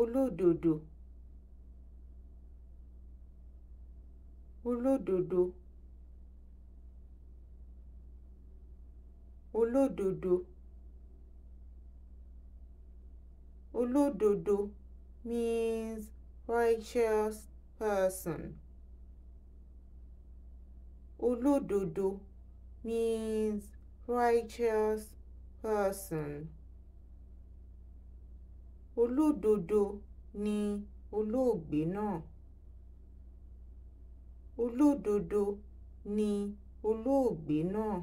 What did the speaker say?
olódodo olódodo olódodo olódodo means righteous person olódodo means righteous person. olódodo ni olóògbé náà. olódodo ni olóògbé náà.